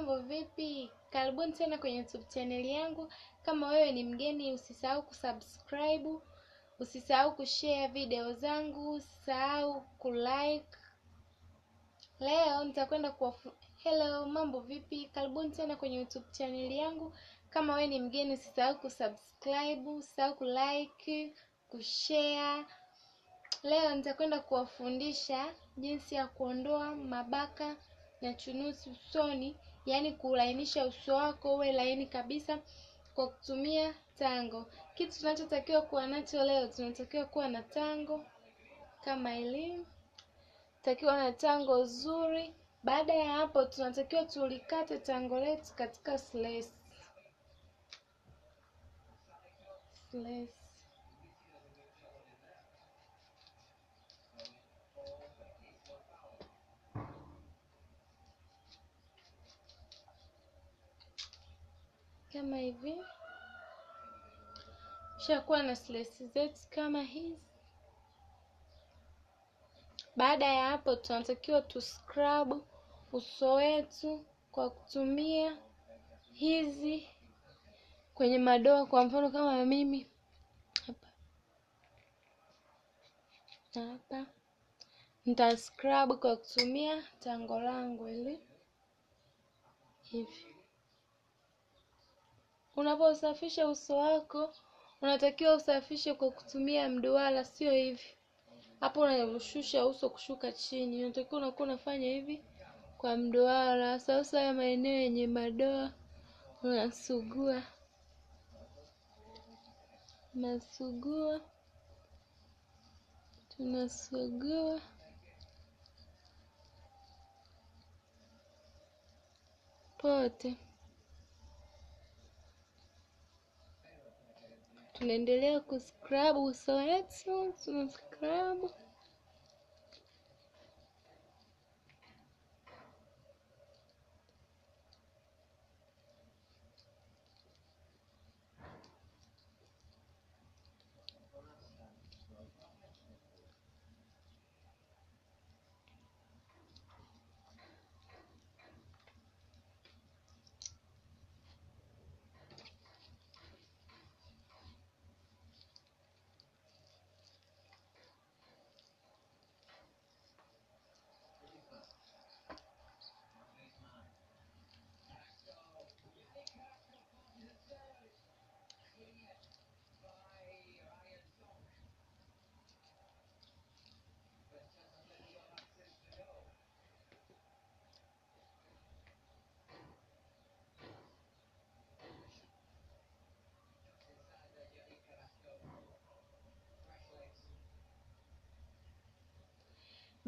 mambo vipi? Karibuni tena kwenye YouTube channel yangu. Kama wewe ni mgeni, usisahau kusubscribe, usisahau kushare video zangu, usisahau kulike. Leo nitakwenda kwa Hello, mambo vipi? Karibuni tena kwenye YouTube channel yangu. Kama wewe ni mgeni, usisahau kusubscribe, usisahau kulike, kushare. Leo nitakwenda kuwafundisha jinsi ya kuondoa mabaka na chunusi usoni, yaani kulainisha uso wako uwe laini kabisa kwa kutumia tango. Kitu tunachotakiwa kuwa nacho leo, tunatakiwa kuwa na tango kama elimu, takiwa na tango zuri. Baada ya hapo, tunatakiwa tulikate tango letu katika slice. Slice. kama hivi, kisha kuwa na slices zetu kama hizi. Baada ya hapo, tunatakiwa scrub uso wetu kwa kutumia hizi kwenye madoa, kwa mfano kama mimi hapa hapa, nita scrub kwa kutumia tango langu hili hivi. Unaposafisha uso wako unatakiwa usafishe kwa kutumia mduara, sio hivi hapo unashusha uso kushuka chini, unatakiwa unakuwa unafanya hivi kwa mduara. Sasa haya maeneo yenye madoa unasugua, unasugua, tunasugua pote. tunaendelea kuscrub uso wetu tunascrub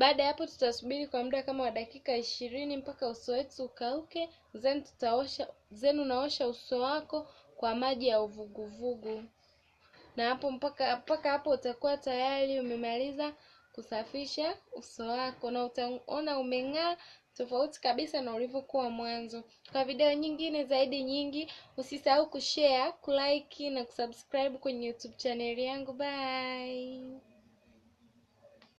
Baada ya hapo tutasubiri kwa muda kama wa dakika ishirini mpaka uso wetu ukauke, then tutaosha then unaosha uso wako kwa maji ya uvuguvugu, na hapo mpaka mpaka hapo utakuwa tayari umemaliza kusafisha uso wako na utaona umeng'aa tofauti kabisa na ulivyokuwa mwanzo. Kwa video nyingine zaidi nyingi, usisahau kushare, kulike na kusubscribe kwenye YouTube chaneli yangu. Bye.